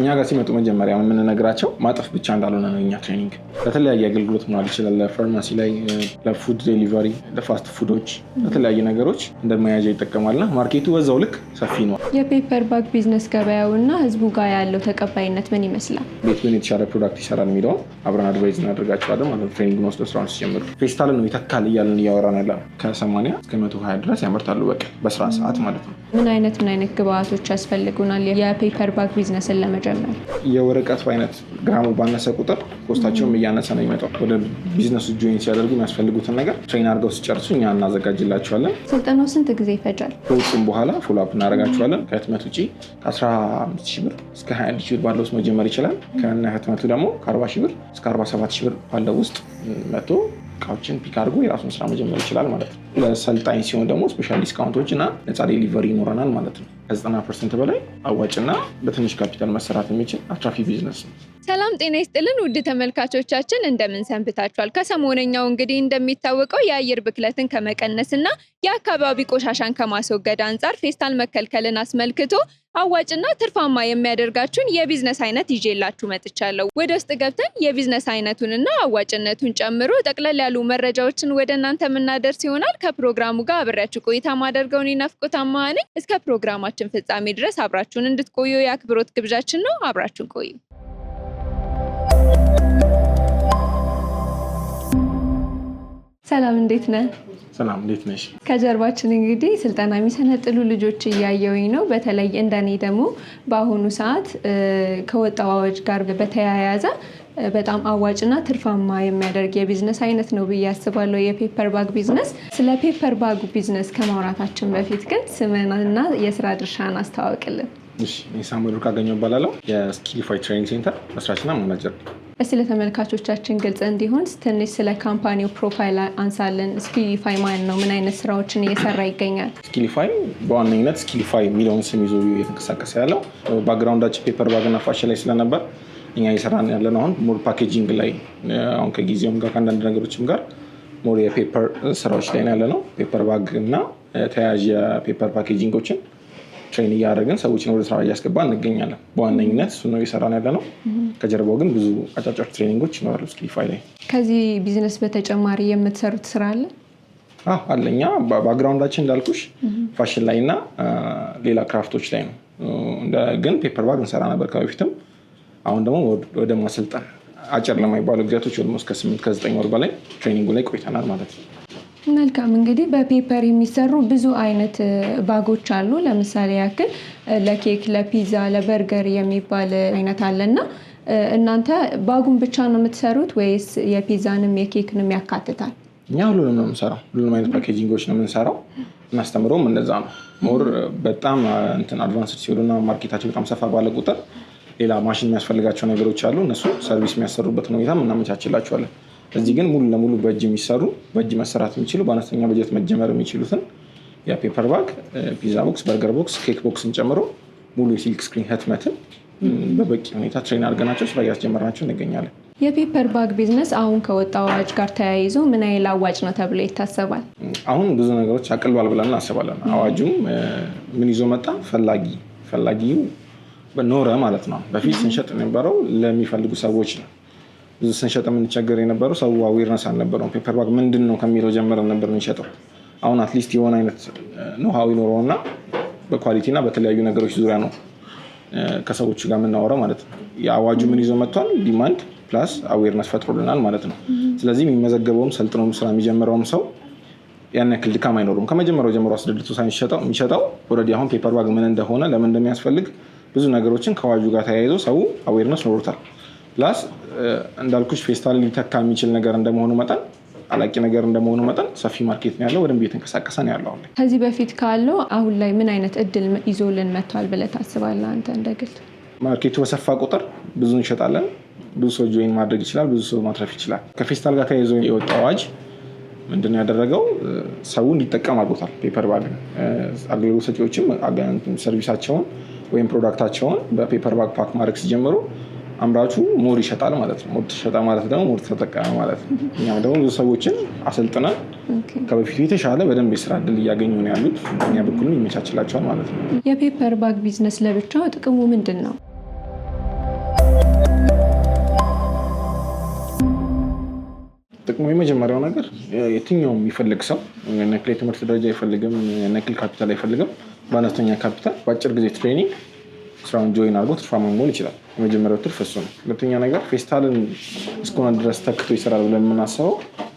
እኛ ጋር ሲመጡ መጀመሪያ የምንነግራቸው ማጠፍ ብቻ እንዳልሆነ ነው። እኛ ትሬኒንግ ለተለያየ አገልግሎት መዋል ይችላል። ለፋርማሲ ላይ፣ ለፉድ ዴሊቨሪ፣ ለፋስት ፉዶች፣ ለተለያዩ ነገሮች እንደመያዣ ይጠቀማልና ማርኬቱ በዛው ልክ ሰፊ ነው። የፔፐር ባግ ቢዝነስ ገበያው እና ህዝቡ ጋር ያለው ተቀባይነት ምን ይመስላል? ቤት ምን የተሻለ ፕሮዳክት ይሰራል የሚለውን አብረን አድቫይዝ እናደርጋቸዋለን ማለት ነው። ትሬኒንግ ወስደው ስራውን ሲጀምሩ ፌስታል ነው ይተካል እያለን እያወራን ያለ ከ80 እስከ 120 ድረስ ያመርታሉ በቀን በስራ ሰዓት ማለት ነው። ምን አይነት ምን አይነት ግብአቶች ያስፈልጉናል የፔፐር ባግ ቢዝነስን ለመ ጀመር። የወረቀቱ አይነት ግራሙ ባነሰ ቁጥር ኮስታቸውም እያነሰ ነው የሚመጣው። ወደ ቢዝነሱ ጆይን ሲያደርጉ የሚያስፈልጉትን ነገር ትሬን አድርገው ሲጨርሱ እኛ እናዘጋጅላቸዋለን። ስልጠናው ስንት ጊዜ ይፈጃል? ከውጡም በኋላ ፎሎአፕ እናደርጋቸዋለን። ከህትመት ውጭ ከ15 ሺህ ብር እስከ 21 ሺህ ብር ባለው ውስጥ መጀመር ይችላል። ከነ ህትመቱ ደግሞ ከ40 ሺህ ብር እስከ 47 ሺህ ብር ባለው ውስጥ መቶ እቃዎችን ፒክ አድርጎ የራሱን ስራ መጀመር ይችላል ማለት ነው። ለሰልጣኝ ሲሆን ደግሞ ስፔሻል ዲስካውንቶች እና ነፃ ዴሊቨሪ ይኖረናል ማለት ነው። ከ90 ፐርሰንት በላይ አዋጭና በትንሽ ካፒታል መሰራት የሚችል አትራፊ ቢዝነስ ነው። ሰላም ጤና ይስጥልን ውድ ተመልካቾቻችን እንደምን ሰንብታችኋል? ከሰሞነኛው እንግዲህ እንደሚታወቀው የአየር ብክለትን ከመቀነስና የአካባቢ ቆሻሻን ከማስወገድ አንጻር ፌስታል መከልከልን አስመልክቶ አዋጭና ትርፋማ የሚያደርጋችሁን የቢዝነስ አይነት ይዤላችሁ መጥቻለሁ። ወደ ውስጥ ገብተን የቢዝነስ አይነቱንና አዋጭነቱን ጨምሮ ጠቅለል ያሉ መረጃዎችን ወደ እናንተ የምናደርስ ይሆናል። ከፕሮግራሙ ጋር አብሬያችሁ ቆይታ ማደርገውን ናፍቆት አማሃ ነኝ። እስከ ፕሮግራማችን ፍጻሜ ድረስ አብራችሁን እንድትቆዩ የአክብሮት ግብዣችን ነው። አብራችሁን ቆዩ። ሰላም እንዴት ነህ? ሰላም እንዴት ነሽ? ከጀርባችን እንግዲህ ስልጠና የሚሰነጥሉ ልጆች እያየውኝ ነው። በተለይ እንደኔ ደግሞ በአሁኑ ሰዓት ከወጣው አዋጅ ጋር በተያያዘ በጣም አዋጭና ትርፋማ የሚያደርግ የቢዝነስ አይነት ነው ብዬ አስባለሁ፣ የፔፐር ባግ ቢዝነስ። ስለ ፔፐር ባግ ቢዝነስ ከማውራታችን በፊት ግን ስምና የስራ ድርሻን አስተዋውቅልን። ሳሙኤል ካገኘው እባላለሁ። የስኪሊፋይ ትሬኒንግ ሴንተር መስራችና ማናጀር እስቲ ለተመልካቾቻችን ግልጽ እንዲሆን ትንሽ ስለ ካምፓኒው ፕሮፋይል አንሳለን። ስኪሊፋይ ማን ነው? ምን አይነት ስራዎችን እየሰራ ይገኛል? ስኪሊፋይ በዋነኝነት ስኪሊፋይ የሚለውን ስም ይዞ እየተንቀሳቀሰ ያለው ባክግራውንዳችን ፔፐር ባግና ፋሽን ላይ ስለነበር እኛ እየሰራን ያለን አሁን ሞር ፓኬጂንግ ላይ አሁን ከጊዜውም ጋር ከአንዳንድ ነገሮችም ጋር ሞር የፔፐር ስራዎች ላይ ያለ ነው። ፔፐር ባግ እና ተያያዥ የፔፐር ፓኬጂንጎችን ትሬን እያደረግን ሰዎችን ወደ ስራ እያስገባ እንገኛለን። በዋነኝነት እሱ ነው እየሰራን ያለ ነው። ከጀርባው ግን ብዙ አጫጫር ትሬኒንጎች ይኖራሉ ስኪሊፋይ ላይ። ከዚህ ቢዝነስ በተጨማሪ የምትሰሩት ስራ አለ አለኛ ባግራውንዳችን ባክግራውንዳችን እንዳልኩሽ ፋሽን ላይ እና ሌላ ክራፍቶች ላይ ነው። ግን ፔፐር ባግ እንሰራ ነበር ከበፊትም። አሁን ደግሞ ወደ ማሰልጠን አጭር ለማይባሉ ጊዜያቶች ኦልሞስት ከስምንት ከዘጠኝ ወር በላይ ትሬኒንጉ ላይ ቆይተናል ማለት ነው። መልካም እንግዲህ በፔፐር የሚሰሩ ብዙ አይነት ባጎች አሉ። ለምሳሌ ያክል ለኬክ፣ ለፒዛ፣ ለበርገር የሚባል አይነት አለና እናንተ ባጉን ብቻ ነው የምትሰሩት ወይስ የፒዛንም የኬክንም ያካትታል? እኛ ሁሉንም ነው የምንሰራው። ሁሉንም አይነት ፓኬጂንጎች ነው የምንሰራው። እናስተምረውም እነዛ ነው ሞር በጣም እንትን አድቫንስድ ሲሆኑና ማርኬታቸው በጣም ሰፋ ባለ ቁጥር ሌላ ማሽን የሚያስፈልጋቸው ነገሮች አሉ። እነሱ ሰርቪስ የሚያሰሩበትን ሁኔታ እናመቻችላቸዋለን። እዚህ ግን ሙሉ ለሙሉ በእጅ የሚሰሩ በእጅ መሰራት የሚችሉ በአነስተኛ በጀት መጀመር የሚችሉትን የፔፐር ባግ፣ ፒዛ ቦክስ፣ በርገር ቦክስ፣ ኬክ ቦክስን ጨምሮ ሙሉ የሲልክ ስክሪን ህትመትን በበቂ ሁኔታ ትሬን አድርገናቸው ስራ እያስጀመርናቸው እንገኛለን። የፔፐር ባግ ቢዝነስ አሁን ከወጣ አዋጅ ጋር ተያይዞ ምን ያህል አዋጭ ነው ተብሎ ይታሰባል? አሁን ብዙ ነገሮች አቅሏል ብለን እናስባለን። አዋጁም ምን ይዞ መጣ? ፈላጊ ፈላጊው ኖረ ማለት ነው። በፊት ስንሸጥ የነበረው ለሚፈልጉ ሰዎች ነው። ብዙ ስንሸጥ የምንቸገር የነበረው ሰው አዌርነስ አልነበረውም። ፔፐር ባግ ምንድን ነው ከሚለው ጀምረን ነበር የምንሸጠው። አሁን አትሊስት የሆነ አይነት ኖሃው ይኖረው እና በኳሊቲ እና በተለያዩ ነገሮች ዙሪያ ነው uh, ከሰዎች ጋር የምናወራው ማለት ነው። የአዋጁ ምን ይዞ መጥቷል? ዲማንድ ፕላስ አዌርነስ ፈጥሮልናል ማለት ነው። ስለዚህ የሚመዘገበውም ሰልጥኖም ስራ የሚጀምረውም ሰው ያን ያክል ድካም አይኖሩም። ከመጀመሪያው ጀምሮ አስደድቶ ሳይሸጠው የሚሸጠው ኦልሬዲ አሁን ፔፐር ባግ ምን እንደሆነ ለምን እንደሚያስፈልግ ብዙ ነገሮችን ከአዋጁ ጋር ተያይዞ ሰው አዌርነስ ኖሩታል። ፕላስ እንዳልኩሽ ፌስታል ሊተካ የሚችል ነገር እንደመሆኑ መጠን አላቂ ነገር እንደመሆኑ መጠን ሰፊ ማርኬት ነው ያለው። በደንብ እየተንቀሳቀሰ ነው ያለው። ከዚህ በፊት ካለው አሁን ላይ ምን አይነት እድል ይዞልን መጥቷል ብለህ ታስባለህ አንተ እንደግል? ማርኬቱ በሰፋ ቁጥር ብዙ እንሸጣለን። ብዙ ሰው ጆይን ማድረግ ይችላል። ብዙ ሰው ማትረፍ ይችላል። ከፌስታል ጋር ተያይዞ የወጣ አዋጅ ምንድን ያደረገው? ሰው እንዲጠቀም አድርጎታል። ፔፐር ባግ አገልግሎት ሰጪዎችም ሰርቪሳቸውን ወይም ፕሮዳክታቸውን በፔፐር ባግ ፓክ ማድረግ ሲጀምሩ አምራቹ ሞድ ይሸጣል ማለት ነው። ሞር ትሸጣ ማለት ደግሞ ሞድ ተጠቀመ ማለት ነው። እኛም ደግሞ ብዙ ሰዎችን አሰልጥነን ከበፊቱ የተሻለ በደንብ የስራ እድል እያገኙ ነው ያሉት። እኛ በኩልም ይመቻችላቸዋል ማለት ነው። የፔፐር ባግ ቢዝነስ ለብቻው ጥቅሙ ምንድን ነው? ጥቅሙ የመጀመሪያው ነገር የትኛውም የሚፈልግ ሰው ነክል የትምህርት ደረጃ አይፈልግም፣ ነክል ካፒታል አይፈልግም። በአነስተኛ ካፒታል በአጭር ጊዜ ትሬኒንግ ስራውን ጆይን አድርጎ ትርፋማ መሆን ይችላል። የመጀመሪያው ትርፍ እሱ ነው። ሁለተኛ ነገር ፌስታልን እስከሆነ ድረስ ተክቶ ይሰራል ብለን የምናስበው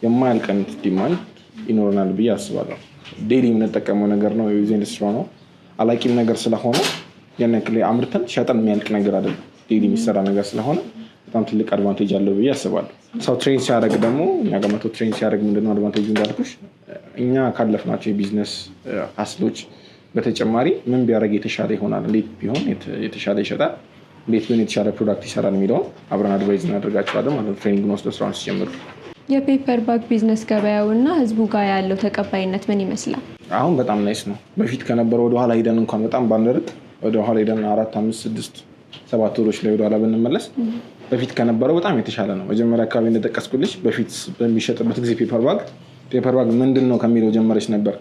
የማያልቀን ዲማንድ ይኖረናል ብዬ አስባለሁ። ዴይሊ የምንጠቀመው ነገር ነው። የጊዜ ስራ ነው። አላቂም ነገር ስለሆነ ያን አምርተን ሸጠን የሚያልቅ ነገር አይደለም። ዴይሊ የሚሰራ ነገር ስለሆነ በጣም ትልቅ አድቫንቴጅ አለው ብዬ አስባለሁ። ሰው ትሬን ሲያደርግ ደግሞ እኛ ጋር መቶ ትሬን ሲያደርግ ምንድነው አድቫንቴጅ እንዳልኩሽ እኛ ካለፍናቸው የቢዝነስ ሀስሎች በተጨማሪ ምን ቢያደርግ የተሻለ ይሆናል፣ እንዴት ቢሆን የተሻለ ይሸጣል፣ እንዴት ቢሆን የተሻለ ፕሮዳክት ይሰራል የሚለውን አብረን አድቫይዝ እናደርጋቸዋለን ማለት ነው። ትሬኒንግ ወስደው ስራውን ሲጀምሩ የፔፐር ባግ ቢዝነስ ገበያው እና ህዝቡ ጋር ያለው ተቀባይነት ምን ይመስላል? አሁን በጣም ናይስ ነው። በፊት ከነበረ ወደኋላ ሂደን እንኳን በጣም ባንደርቅ ወደኋላ ሂደን አራት አምስት ስድስት ሰባት ወሮች ላይ ወደኋላ ብንመለስ በፊት ከነበረው በጣም የተሻለ ነው። መጀመሪያ አካባቢ እንደጠቀስኩልሽ በፊት በሚሸጥበት ጊዜ ፔፐር ባግ ፔፐር ባግ ምንድን ነው ከሚለው ጀመረች ነበር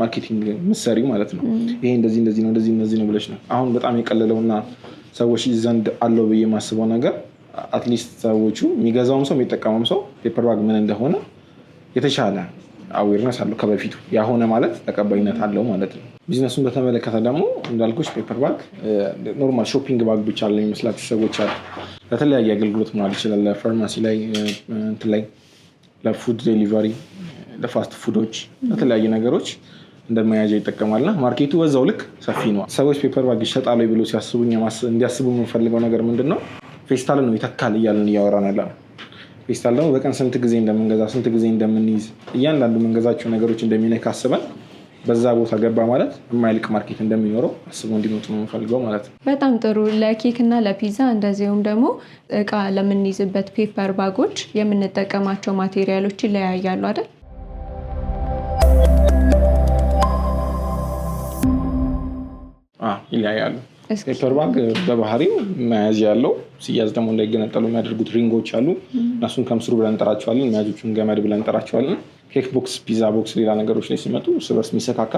ማርኬቲንግ ምሰሪ ማለት ነው። ይሄ እንደዚህ እንደዚህ ነው እንደዚህ እንደዚህ ነው ብለሽ ነው። አሁን በጣም የቀለለውና ሰዎች ዘንድ አለው ብዬ የማስበው ነገር አትሊስት ሰዎቹ የሚገዛውም ሰው የሚጠቀመውም ሰው ፔፐር ምን እንደሆነ የተሻለ አዌርነስ አለው ከበፊቱ። ያሆነ ማለት ተቀባይነት አለው ማለት ነው። ቢዝነሱን በተመለከተ ደግሞ እንዳልኩች ፔፐር ባግ ኖርማል ሾፒንግ ባግ ብቻ አለ ሰዎች አሉ። ለተለያየ አገልግሎት መዋል ይችላል። ለፋርማሲ ላይ እንትን ላይ ለፉድ ዴሊቨሪ ለፋስት ፉዶች፣ ለተለያዩ ነገሮች እንደመያዣ ይጠቀማልና ማርኬቱ በዛው ልክ ሰፊ ነው። ሰዎች ፔፐር ባግ ይሸጣሉ ብሎ ሲያስቡ እንዲያስቡ የምንፈልገው ነገር ምንድን ነው? ፌስታል ነው ይተካል እያለን እያወራ ነው ያለነው። ፌስታል ደግሞ በቀን ስንት ጊዜ እንደምንገዛ ስንት ጊዜ እንደምንይዝ እያንዳንዱ መንገዛቸው ነገሮች እንደሚነካ አስበን በዛ ቦታ ገባ ማለት የማይልቅ ማርኬት እንደሚኖረው አስቦ እንዲመጡ ነው የምፈልገው ማለት ነው። በጣም ጥሩ። ለኬክ እና ለፒዛ እንደዚሁም ደግሞ እቃ ለምንይዝበት ፔፐር ባጎች የምንጠቀማቸው ማቴሪያሎች ይለያያሉ አይደል? ይለያያሉ። ሴክተር ባንክ በባህሪው መያዝ ያለው ሲያዝ ደግሞ እንዳይገነጠሉ የሚያደርጉት ሪንጎች አሉ። እነሱን ከምስሩ ብለን እንጠራቸዋለን። መያዞቹን ገመድ ብለን እንጠራቸዋለን። ኬክ ቦክስ፣ ፒዛ ቦክስ፣ ሌላ ነገሮች ላይ ሲመጡ እርስ በርስ የሚሰካካ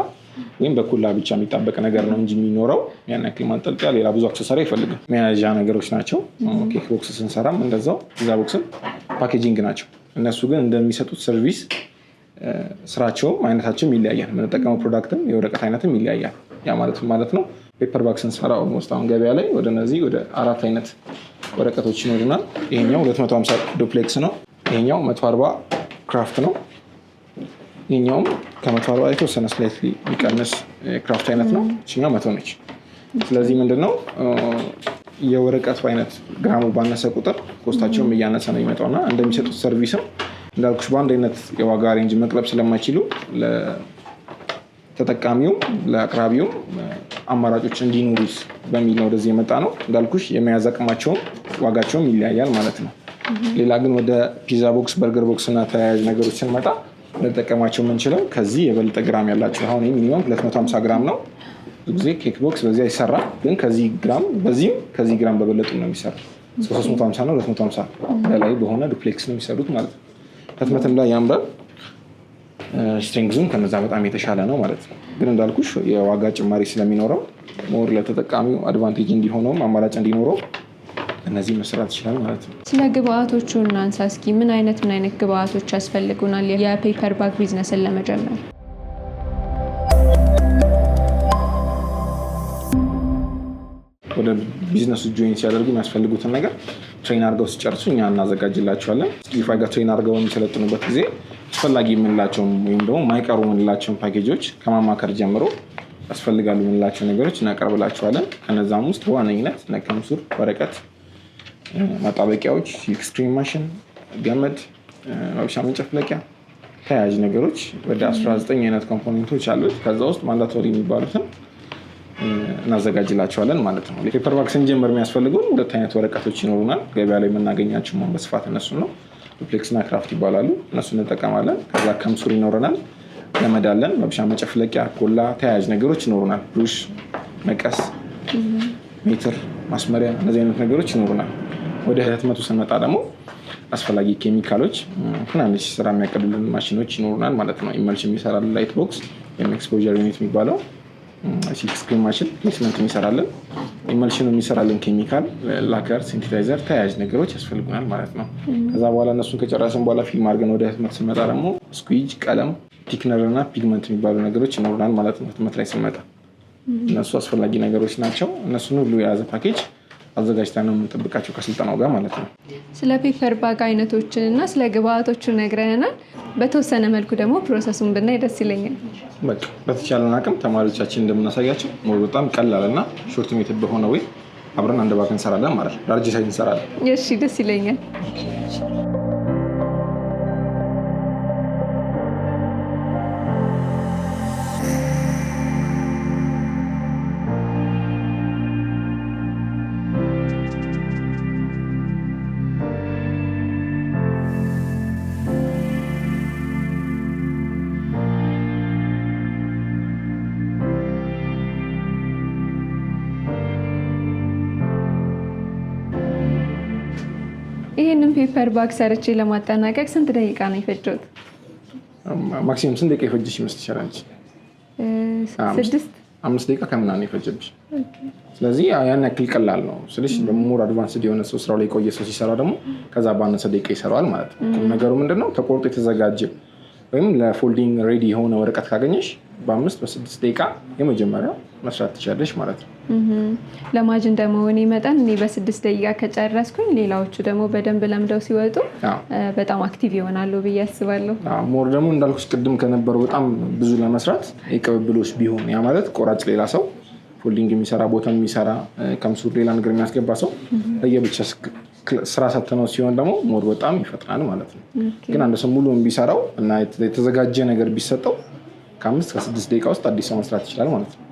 ወይም በኩላ ብቻ የሚጣበቅ ነገር ነው እንጂ የሚኖረው ያን ያክል ማንጠልጠያ፣ ሌላ ብዙ አክሰሰሪ አይፈልግም። መያዣ ነገሮች ናቸው። ኬክ ቦክስ ስንሰራም እንደዛው፣ ፒዛ ቦክስም ፓኬጂንግ ናቸው። እነሱ ግን እንደሚሰጡት ሰርቪስ ስራቸውም አይነታቸውም ይለያያል። የምንጠቀመው ፕሮዳክትም የወረቀት አይነትም ይለያያል። ያ ማለት ማለት ነው ፔፐር ባክ ስንሰራ ኦልሞስት አሁን ገበያ ላይ ወደ እነዚህ ወደ አራት አይነት ወረቀቶች ይኖሩናል። ይሄኛው 250 ዱፕሌክስ ነው። ይሄኛው 140 ክራፍት ነው። ይሄኛውም ከ140 የተወሰነ ስላይት ሊቀንስ ክራፍት አይነት ነው። ይችኛው መቶ ነች። ስለዚህ ምንድን ነው የወረቀቱ አይነት ግራሙ ባነሰ ቁጥር ኮስታቸውም እያነሰ ነው የሚመጣውና እንደሚሰጡት ሰርቪስም እንዳልኩሽ በአንድ አይነት የዋጋ ሬንጅ መቅረብ ስለማይችሉ ተጠቃሚውም ለአቅራቢውም አማራጮች እንዲኖሩት በሚል ነው ወደዚህ የመጣ ነው። እንዳልኩሽ የመያዝ አቅማቸውም ዋጋቸውም ይለያያል ማለት ነው። ሌላ ግን ወደ ፒዛ ቦክስ፣ በርገር ቦክስ እና ተያያዥ ነገሮች ስንመጣ ልንጠቀማቸው የምንችለው ከዚህ የበለጠ ግራም ያላቸው አሁን ይህ ሚኒመም 250 ግራም ነው። ብዙ ጊዜ ኬክ ቦክስ በዚህ አይሰራ፣ ግን ከዚህ ግራም በዚህም ከዚህ ግራም በበለጡ ነው የሚሰራ። 350 ነው 250 በላይ በሆነ ዱፕሌክስ ነው የሚሰሩት ማለት ነው። ህትመትም ላይ ያምራል። ስትሪንግዙም ከነዛ በጣም የተሻለ ነው ማለት ነው። ግን እንዳልኩሽ የዋጋ ጭማሪ ስለሚኖረው ሞር ለተጠቃሚው አድቫንቴጅ እንዲሆነውም አማራጭ እንዲኖረው እነዚህ መስራት ይችላል ማለት ነው። ስለ ግብአቶቹ እናንሳ እስኪ። ምን አይነት ምን አይነት ግብአቶች ያስፈልጉናል የፔፐር ባግ ቢዝነስን ለመጀመር? ቢዝነሱ ጆይን ሲያደርጉ የሚያስፈልጉትን ነገር ትሬን አድርገው ሲጨርሱ እኛ እናዘጋጅላቸዋለን። ስኪፋይ ጋር ትሬን አድርገው በሚሰለጥኑበት ጊዜ አስፈላጊ የምንላቸውን ወይም ደግሞ ማይቀሩ የምንላቸውን ፓኬጆች ከማማከር ጀምሮ ያስፈልጋሉ የምንላቸው ነገሮች እናቀርብላቸዋለን። ከነዛም ውስጥ በዋነኝነት ነቀምሱር፣ ወረቀት፣ ማጣበቂያዎች፣ የኤክስትሪም ማሽን፣ ገመድ፣ መብሻ መንጨፍለቂያ ተያያዥ ነገሮች ወደ 19 አይነት ኮምፖኔንቶች አሉት። ከዛ ውስጥ ማንዳቶሪ የሚባሉትን እናዘጋጅላቸዋለን ማለት ነው። ፔፐር ባክ ስንጀምር የሚያስፈልጉን ሁለት አይነት ወረቀቶች ይኖሩናል። ገበያ ላይ የምናገኛቸው መሆን በስፋት እነሱ ነው። ና ክራፍት ይባላሉ። እነሱ እንጠቀማለን። ከዛ ከምሱር ይኖረናል፣ ለመዳለን አለን፣ መብሻ መጨፍለቂያ፣ ኮላ፣ ተያያዥ ነገሮች ይኖሩናል። ብሩሽ፣ መቀስ፣ ሜትር፣ ማስመሪያ፣ እነዚህ አይነት ነገሮች ይኖሩናል። ወደ ህትመቱ ስንመጣ ደግሞ አስፈላጊ ኬሚካሎች፣ ትናንሽ ስራ የሚያቀድልን ማሽኖች ይኖሩናል ማለት ነው። ኢመልሽ የሚሰራል ላይት ቦክስ ወይም ኤክስፖር ዩኒት የሚባለው ማሽን ፕሌስመንት የሚሰራለን ኢመልሽን የሚሰራለን ኬሚካል፣ ላከር፣ ሲንቴታይዘር ተያያዥ ነገሮች ያስፈልጉናል ማለት ነው። ከዛ በኋላ እነሱን ከጨረስን በኋላ ፊልም አድርገን ወደ ህትመት ስንመጣ ደግሞ ስኩጅ፣ ቀለም፣ ቲክነር እና ፒግመንት የሚባሉ ነገሮች ይኖሩናል ማለት ነው። ህትመት ላይ ስንመጣ እነሱ አስፈላጊ ነገሮች ናቸው። እነሱን ሁሉ የያዘ ፓኬጅ አዘጋጅታ ነው የምንጠብቃቸው ከስልጠናው ጋር ማለት ነው። ስለ ፔፐር ባግ አይነቶችን እና ስለ ግብአቶቹ ነግረናል። በተወሰነ መልኩ ደግሞ ፕሮሰሱን ብናይ ደስ ይለኛል። በቃ በተቻለን አቅም ተማሪዎቻችን እንደምናሳያቸው በጣም ቀላል እና ሾርት ሜት በሆነ ወይ አብረን አንድ ባግ እንሰራለን ማለት ነው። ዳርጅ እንሰራለን። እሺ፣ ደስ ይለኛል። ይህንን ፔፐር ባክ ሰርቼ ለማጠናቀቅ ስንት ደቂቃ ነው የፈጀሁት? ማክሲሙም ስንት ደቂቃ የፈጀሽ ይመስልሻል አንቺ? አምስት ደቂቃ ከምና ነው የፈጀብሽ። ስለዚህ ያን ያክል ቀላል ነው ስልሽ። ሞር አድቫንስ የሆነ ሰው ስራው ላይ የቆየ ሰው ሲሰራ ደግሞ ከዛ ባነሰ ደቂቃ ይሰራዋል ማለት ነው። ነገሩ ምንድነው ተቆርጦ የተዘጋጀ ወይም ለፎልዲንግ ሬዲ የሆነ ወረቀት ካገኘሽ በአምስት በስድስት ደቂቃ የመጀመሪያው መስራት ትችላለች ማለት ነው። ለማጅ እንደመሆኔ መጠን እኔ በስድስት ደቂቃ ከጨረስኩኝ ሌላዎቹ ደግሞ በደንብ ለምደው ሲወጡ በጣም አክቲቭ ይሆናሉ ብዬ አስባለሁ። ሞር ደግሞ እንዳልኩሽ ቅድም ከነበረው በጣም ብዙ ለመስራት የቅብብሎች ቢሆን ያ ማለት ቆራጭ ሌላ ሰው ፎልዲንግ የሚሰራ ቦታ የሚሰራ ከምሱር ሌላ ነገር የሚያስገባ ሰው ለየብቻ ስራ ሰጥተነው ሲሆን ደግሞ ሞድ በጣም ይፈጥናል ማለት ነው። ግን አንድ ሰው ሙሉ ቢሰራው እና የተዘጋጀ ነገር ቢሰጠው ከአምስት ከስድስት ደቂቃ ውስጥ አዲስ ሰው መስራት ይችላል ማለት ነው።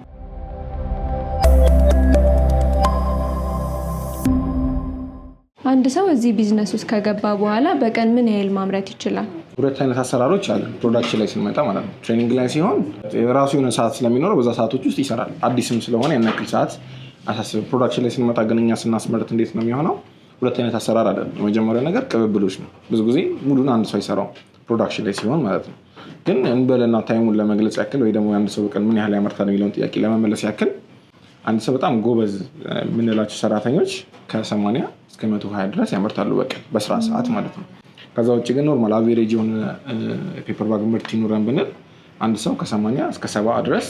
አንድ ሰው እዚህ ቢዝነስ ውስጥ ከገባ በኋላ በቀን ምን ያህል ማምረት ይችላል? ሁለት አይነት አሰራሮች አሉ። ፕሮዳክሽን ላይ ስንመጣ ማለት ነው። ትሬኒንግ ላይ ሲሆን የራሱ የሆነ ሰዓት ስለሚኖረው በዛ ሰዓቶች ውስጥ ይሰራል። አዲስም ስለሆነ ያን ያክል ሰዓት አሳስብ። ፕሮዳክሽን ላይ ስንመጣ ግን እኛ ስናስመርት እንዴት ነው የሚሆነው? ሁለት አይነት አሰራር አለ የመጀመሪያ ነገር ቅብብሎች ነው። ብዙ ጊዜ ሙሉን አንድ ሰው አይሰራው ፕሮዳክሽን ላይ ሲሆን ማለት ነው። ግን እንበለና ታይሙን ለመግለጽ ያክል ወይ ደግሞ የአንድ ሰው በቀን ምን ያህል ያመርታል የሚለውን ጥያቄ ለመመለስ ያክል አንድ ሰው በጣም ጎበዝ የምንላቸው ሰራተኞች ከ እስከ እስከ 120 ድረስ ያመርታሉ በቀን በስራ ሰዓት ማለት ነው። ከዛ ውጭ ግን ኖርማል አቬሬጅ የሆነ ፔፐር ባግ ምርት ይኑረን ብንል አንድ ሰው ከሰማንያ እስከ ሰባ ድረስ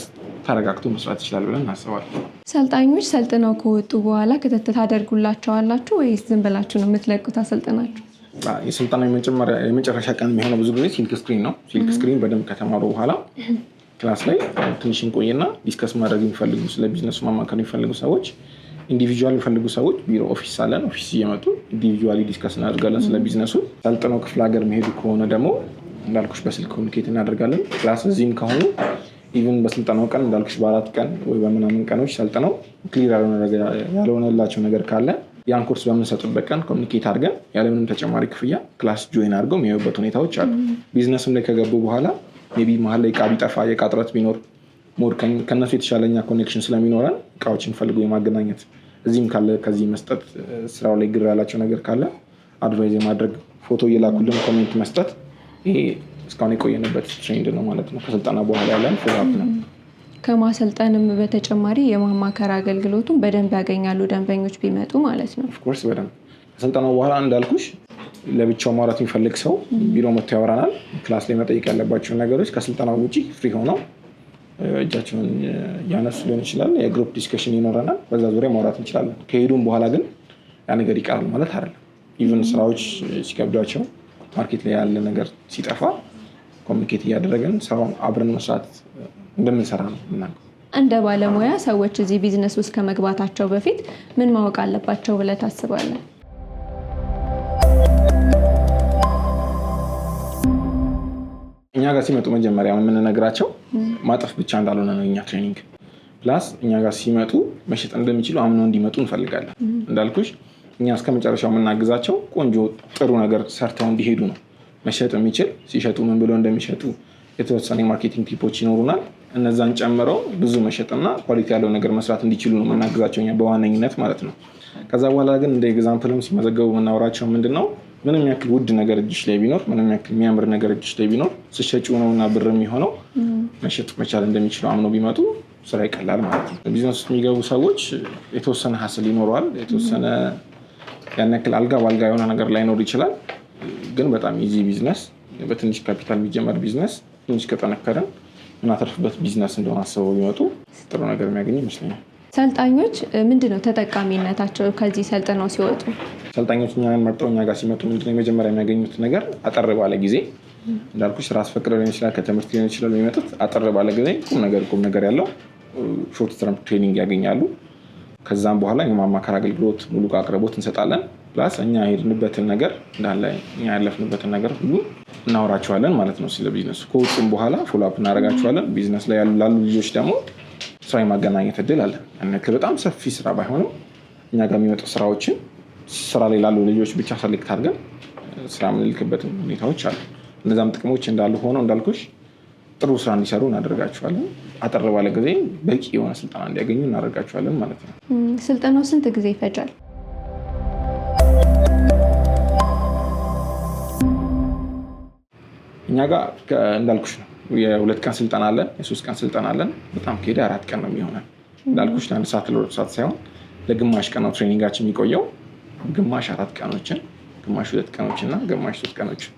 ተረጋግቶ መስራት ይችላል ብለን እናስባለን። ሰልጣኞች ሰልጥነው ከወጡ በኋላ ክትትል ታደርጉላቸዋላችሁ ወይስ ዝም ብላችሁ ነው የምትለቁት? አሰልጥናችሁ የስልጠና የመጨረሻ ቀን የሚሆነው ብዙ ጊዜ ሲልክ ስክሪን ነው። ሲልክ ስክሪን በደንብ ከተማሩ በኋላ ክላስ ላይ ትንሽ እንቆይና ዲስከስ ማድረግ የሚፈልጉ ስለ ቢዝነሱ ማማከር የሚፈልጉ ሰዎች ኢንዲቪጁዋል የሚፈልጉ ሰዎች ቢሮ ኦፊስ አለን። ኦፊስ እየመጡ ኢንዲቪጁዋሊ ዲስከስ እናደርጋለን ስለ ቢዝነሱ። ሰልጥነው ክፍለ ሀገር መሄዱ ከሆነ ደግሞ እንዳልኩሽ በስልክ ኮሚኒኬት እናደርጋለን። ክላስ እዚህም ከሆኑ ኢቨን በስልጠናው ቀን እንዳልኩሽ በአራት ቀን ወይ በምናምን ቀኖች ሰልጥነው ክሊር ያልሆነላቸው ነገር ካለ ያን ኮርስ በምንሰጡበት ቀን ኮሚኒኬት አድርገን ያለምንም ተጨማሪ ክፍያ ክላስ ጆይን አድርገው የሚያዩበት ሁኔታዎች አሉ። ቢዝነስም ላይ ከገቡ በኋላ ቢ መሀል ላይ እቃ ቢጠፋ የእቃ ጥረት ቢኖር ሞር ከእነሱ የተሻለኛ ኮኔክሽን ስለሚኖረን እቃዎችን ፈልጎ የማገናኘት እዚህም ካለ ከዚህ መስጠት ስራው ላይ ግር ያላቸው ነገር ካለ አድቫይዝ የማድረግ ፎቶ እየላኩልን ኮሜንት መስጠት ይሄ እስካሁን የቆየንበት ትሬንድ ነው ማለት ነው። ከስልጠና በኋላ ያለን ፎሎአፕ ነው። ከማሰልጠንም በተጨማሪ የማማከር አገልግሎቱን በደንብ ያገኛሉ ደንበኞች ቢመጡ ማለት ነው። ኦፍኮርስ በደንብ ከስልጠናው በኋላ እንዳልኩሽ ለብቻው ማውራት የሚፈልግ ሰው ቢሮ መጥቶ ያወራናል። ክላስ ላይ መጠየቅ ያለባቸውን ነገሮች ከስልጠናው ውጪ ፍሪ ሆነው እጃቸውን ያነሱ ሊሆን ይችላል። የግሩፕ ዲስከሽን ይኖረናል። በዛ ዙሪያ ማውራት እንችላለን። ከሄዱም በኋላ ግን ያ ነገር ይቀራል ማለት አይደለም። ኢቨን ስራዎች ሲከብዷቸው ማርኬት ላይ ያለ ነገር ሲጠፋ ኮሚኒኬት እያደረገን ስራውን አብረን መስራት እንደምንሰራ ነው የምናውቀው። እንደ ባለሙያ ሰዎች እዚህ ቢዝነስ ውስጥ ከመግባታቸው በፊት ምን ማወቅ አለባቸው ብለህ ታስባለህ? እኛ ጋር ሲመጡ መጀመሪያ የምንነግራቸው ማጠፍ ብቻ እንዳልሆነ ነው የኛ ትሬኒንግ። ፕላስ እኛ ጋር ሲመጡ መሸጥ እንደሚችሉ አምነው እንዲመጡ እንፈልጋለን እንዳልኩሽ እኛ እስከ መጨረሻው የምናግዛቸው ቆንጆ ጥሩ ነገር ሰርተው እንዲሄዱ ነው። መሸጥ የሚችል ሲሸጡ ምን ብለው እንደሚሸጡ የተወሰነ የማርኬቲንግ ቲፖች ይኖሩናል። እነዛን ጨምረው ብዙ መሸጥና ኳሊቲ ያለው ነገር መስራት እንዲችሉ ነው የምናግዛቸው እኛ በዋነኝነት ማለት ነው። ከዛ በኋላ ግን እንደ ኤግዛምፕልም ሲመዘገቡ የምናወራቸው ምንድን ነው ምንም ያክል ውድ ነገር እጅሽ ላይ ቢኖር፣ ምንም ያክል የሚያምር ነገር እጅሽ ላይ ቢኖር ስሸጪው ነውና ብር የሚሆነው መሸጥ መቻል እንደሚችለው አምኖ ቢመጡ ስራ ይቀላል ማለት ነው። ቢዝነስ የሚገቡ ሰዎች የተወሰነ ሀስል ይኖረዋል የተወሰነ ያን ያክል አልጋ በአልጋ የሆነ ነገር ላይኖር ይችላል። ግን በጣም ኢዚ ቢዝነስ፣ በትንሽ ካፒታል የሚጀመር ቢዝነስ፣ ትንሽ ከጠነከረን እናተርፍበት ቢዝነስ እንደሆነ አስበው ቢመጡ ጥሩ ነገር የሚያገኝ ይመስለኛል። ሰልጣኞች ምንድን ነው ተጠቃሚነታቸው ከዚህ ሰልጥነው ሲወጡ? ሰልጣኞች እኛን መርጠው እኛ ጋር ሲመጡ ምንድነው የመጀመሪያ የሚያገኙት ነገር አጠር ባለ ጊዜ እንዳልኩ ስራ አስፈቅደ ሊሆን ይችላል፣ ከትምህርት ሊሆን ይችላል የሚመጡት። አጠር ባለ ጊዜ ቁም ነገር ቁም ነገር ያለው ሾርት ተርም ትሬኒንግ ያገኛሉ። ከዛም በኋላ የማማከር አገልግሎት ሙሉ አቅርቦት እንሰጣለን። ፕላስ እኛ የሄድንበትን ነገር እንዳለ እኛ ያለፍንበትን ነገር ሁሉ እናወራቸዋለን ማለት ነው። ስለ ቢዝነሱ ከውጭም በኋላ ፎሎፕ እናደርጋቸዋለን። ቢዝነስ ላይ ላሉ ልጆች ደግሞ ስራ የማገናኘት እድል አለን። በጣም ሰፊ ስራ ባይሆንም እኛ ጋር የሚመጡ ስራዎችን ስራ ላይ ላሉ ልጆች ብቻ ሰሌክት አድርገን ስራ የምንልክበትም ሁኔታዎች አሉ። እነዛም ጥቅሞች እንዳሉ ሆነው እንዳልኩሽ ጥሩ ስራ እንዲሰሩ እናደርጋቸዋለን። አጠር ባለ ጊዜ በቂ የሆነ ስልጠና እንዲያገኙ እናደርጋቸዋለን ማለት ነው። ስልጠናው ስንት ጊዜ ይፈጃል? እኛ ጋር እንዳልኩሽ ነው የሁለት ቀን ስልጠና አለን፣ የሶስት ቀን ስልጠና አለን። በጣም ከሄደ አራት ቀን ነው የሚሆነን። እንዳልኩሽ ለአንድ ሰዓት ለሁለት ሰዓት ሳይሆን ለግማሽ ቀን ነው ትሬኒንጋችን የሚቆየው። ግማሽ አራት ቀኖችን፣ ግማሽ ሁለት ቀኖችና ግማሽ ሶስት ቀኖችን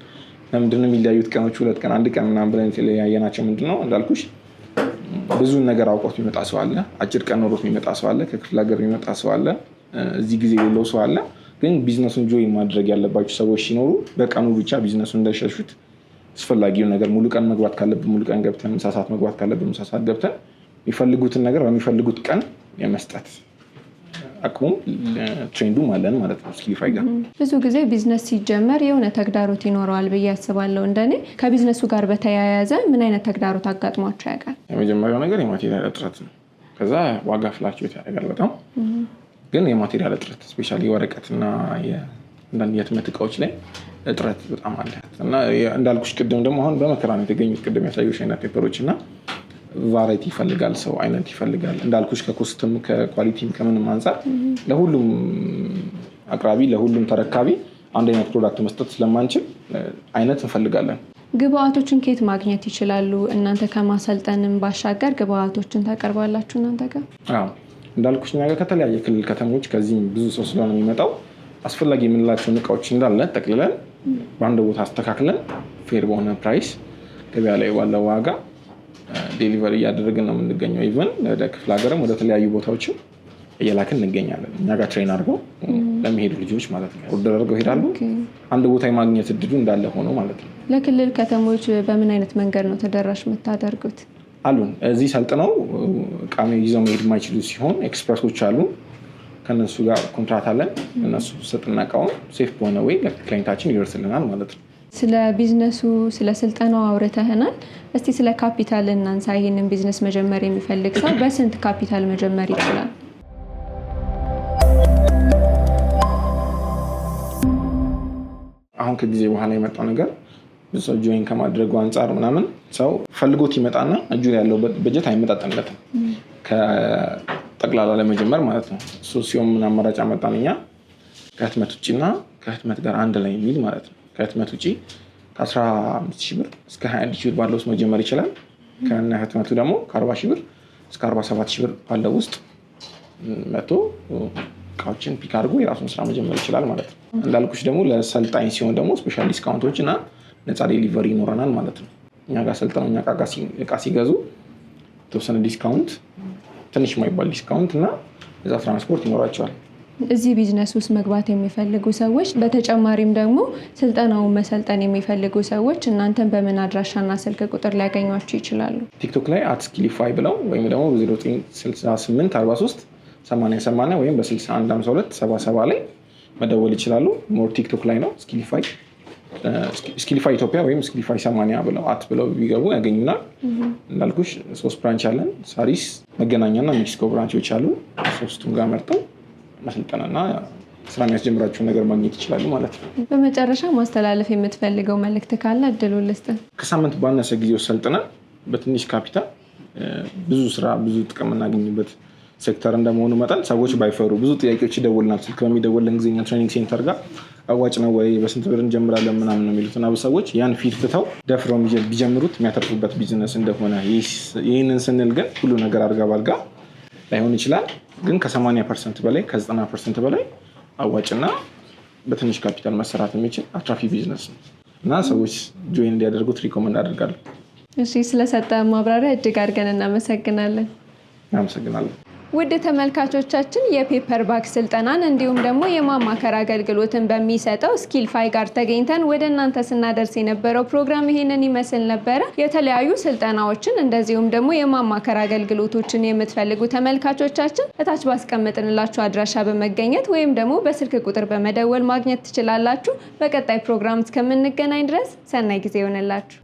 ለምንድነው የሚለያዩት ቀኖች ሁለት ቀን አንድ ቀን ምናምን ብለን የተለያየናቸው ምንድነው እንዳልኩሽ ብዙ ነገር አውቆት የሚመጣ ሰው አለ። አጭር ቀን ኖሮት የሚመጣ ሰው አለ። ከክፍለ ሀገር የሚመጣ ሰው አለ። እዚህ ጊዜ የሌለው ሰው አለ። ግን ቢዝነሱን ጆይ ማድረግ ያለባቸው ሰዎች ሲኖሩ በቀኑ ብቻ ቢዝነሱን እንዳይሸሹት አስፈላጊውን ነገር ሙሉ ቀን መግባት ካለብን ሙሉ ቀን ገብተን፣ ምሳ ሰዓት መግባት ካለብን ምሳ ሰዓት ገብተን የሚፈልጉትን ነገር በሚፈልጉት ቀን የመስጠት አቅሙም ትሬንዱ አለን ማለት ነው። ስኪፋይ ጋር ብዙ ጊዜ ቢዝነስ ሲጀመር የሆነ ተግዳሮት ይኖረዋል ብዬ አስባለሁ። እንደኔ ከቢዝነሱ ጋር በተያያዘ ምን አይነት ተግዳሮት አጋጥሟቸው ያውቃል? የመጀመሪያው ነገር የማቴሪያል እጥረት ነው። ከዛ ዋጋ ፍላቸው ያደርጋል በጣም ግን የማቴሪያል እጥረት ስፔሻሊ ወረቀትና አንዳንድ የህትመት እቃዎች ላይ እጥረት በጣም አለ እና እንዳልኩሽ ቅድም ደግሞ አሁን በመከራ ነው የተገኙት ቅድም ያሳዩሽ አይነት ፔፐሮች እና ቫራይቲ ይፈልጋል ሰው አይነት ይፈልጋል። እንዳልኩሽ ከኮስትም ከኳሊቲም ከምንም አንጻር ለሁሉም አቅራቢ ለሁሉም ተረካቢ አንድ አይነት ፕሮዳክት መስጠት ስለማንችል አይነት እንፈልጋለን። ግብአቶችን ከየት ማግኘት ይችላሉ? እናንተ ከማሰልጠንም ባሻገር ግብአቶችን ታቀርባላችሁ እናንተ ጋር? እንዳልኩሽ ነገር ከተለያየ ክልል ከተሞች ከዚህም ብዙ ሰው ስለሆነ የሚመጣው አስፈላጊ የምንላቸውን እቃዎች እንዳለ ጠቅልለን በአንድ ቦታ አስተካክለን ፌር በሆነ ፕራይስ ገበያ ላይ ባለው ዋጋ ዴሊቨሪ እያደረግን ነው የምንገኘው። ኢቨን ወደ ክፍለ ሀገርም ወደ ተለያዩ ቦታዎችም እየላክን እንገኛለን። እኛ ጋር ትሬን አድርገው ለሚሄዱ ልጆች ማለት ነው። ኦርደር አድርገው ይሄዳሉ። አንድ ቦታ የማግኘት እድሉ እንዳለ ሆኖ ማለት ነው። ለክልል ከተሞች በምን አይነት መንገድ ነው ተደራሽ የምታደርጉት? አሉን እዚህ ሰልጥነው እቃ ይዘው መሄድ የማይችሉ ሲሆን ኤክስፕረሶች አሉን። ከነሱ ጋር ኮንትራት አለን። እነሱ ሰጥና ሴፍ በሆነ ወይ ክላይንታችን ይደርስልናል ማለት ነው። ስለ ቢዝነሱ ስለ ስልጠናው አውርተህናል። እስቲ ስለ ካፒታል እናንሳ። ይህንን ቢዝነስ መጀመር የሚፈልግ ሰው በስንት ካፒታል መጀመር ይችላል? አሁን ከጊዜ በኋላ የመጣው ነገር ብዙ ሰው ጆይን ከማድረጉ አንጻር ምናምን ሰው ፈልጎት ይመጣና እጁ ያለው በጀት አይመጣጠንለትም ከጠቅላላ ለመጀመር ማለት ነው። እሱ ሲሆን ምን አማራጭ አመጣን እኛ ከህትመት ውጭና ከህትመት ጋር አንድ ላይ የሚል ማለት ነው ከህትመት ውጪ ከ15 ሺህ ብር እስከ 21 ሺህ ብር ባለው ውስጥ መጀመር ይችላል። ከነ ህትመቱ ደግሞ ከ40 ሺህ ብር እስከ 47 ሺህ ብር ባለው ውስጥ መቶ እቃዎችን ፒክ አድርጎ የራሱን ስራ መጀመር ይችላል ማለት ነው። እንዳልኩች ደግሞ ለሰልጣኝ ሲሆን ደግሞ ስፔሻል ዲስካውንቶች እና ነፃ ዴሊቨሪ ይኖረናል ማለት ነው። እኛ ጋር ሰልጥነው እኛ እቃ ሲገዙ የተወሰነ ዲስካውንት፣ ትንሽ የማይባል ዲስካውንት እና ነፃ ትራንስፖርት ይኖራቸዋል። እዚህ ቢዝነስ ውስጥ መግባት የሚፈልጉ ሰዎች በተጨማሪም ደግሞ ስልጠናውን መሰልጠን የሚፈልጉ ሰዎች እናንተን በምን አድራሻና ስልክ ቁጥር ሊያገኟቸው ይችላሉ? ቲክቶክ ላይ አትስኪሊፋይ ብለው ወይም ደግሞ በ0968 096843 88 ወይም በ6152 77 ላይ መደወል ይችላሉ። ሞር ቲክቶክ ላይ ነው ስኪሊፋይ ስኪሊፋይ ኢትዮጵያ ወይም ስኪሊፋይ ሰማንያ ብለው አት ብለው ቢገቡ ያገኙናል። እንዳልኩሽ ሶስት ብራንች አለን። ሳሪስ፣ መገናኛና ሜክሲኮ ብራንቾች አሉ። ሶስቱን ጋር መርጠው መሰልጠንና ስራ የሚያስጀምራቸውን ነገር ማግኘት ይችላሉ ማለት ነው። በመጨረሻ ማስተላለፍ የምትፈልገው መልእክት ካለ እድሉ ልስጥ። ከሳምንት ባነሰ ጊዜ ውስጥ ሰልጥነን በትንሽ ካፒታል ብዙ ስራ፣ ብዙ ጥቅም እናገኝበት ሴክተር እንደመሆኑ መጠን ሰዎች ባይፈሩ። ብዙ ጥያቄዎች ይደውልናል። ስልክ በሚደወልን ጊዜ እኛ ትሬኒንግ ሴንተር ጋር አዋጭ ነው ወይ በስንት ብር እንጀምራለን ምናምን ነው የሚሉት የሚሉትና ሰዎች ያን ፊት ትተው ደፍረው ቢጀምሩት የሚያተርፉበት ቢዝነስ እንደሆነ ይህንን ስንል ግን ሁሉ ነገር አልጋ ባልጋ ላይሆን ይችላል። ግን ከ80 ፐርሰንት በላይ ከ90 ፐርሰንት በላይ አዋጭና በትንሽ ካፒታል መሰራት የሚችል አትራፊ ቢዝነስ ነው እና ሰዎች ጆይን እንዲያደርጉት ሪኮመንድ አድርጋለሁ። እሺ፣ ስለሰጠ ማብራሪያ እጅግ አድርገን እናመሰግናለን። እናመሰግናለን። ውድ ተመልካቾቻችን የፔፐር ባክ ስልጠናን እንዲሁም ደግሞ የማማከር አገልግሎትን በሚሰጠው ስኪልፋይ ጋር ተገኝተን ወደ እናንተ ስናደርስ የነበረው ፕሮግራም ይሄንን ይመስል ነበረ። የተለያዩ ስልጠናዎችን እንደዚሁም ደግሞ የማማከር አገልግሎቶችን የምትፈልጉ ተመልካቾቻችን እታች ባስቀመጥንላችሁ አድራሻ በመገኘት ወይም ደግሞ በስልክ ቁጥር በመደወል ማግኘት ትችላላችሁ። በቀጣይ ፕሮግራም እስከምንገናኝ ድረስ ሰናይ ጊዜ ይሆንላችሁ።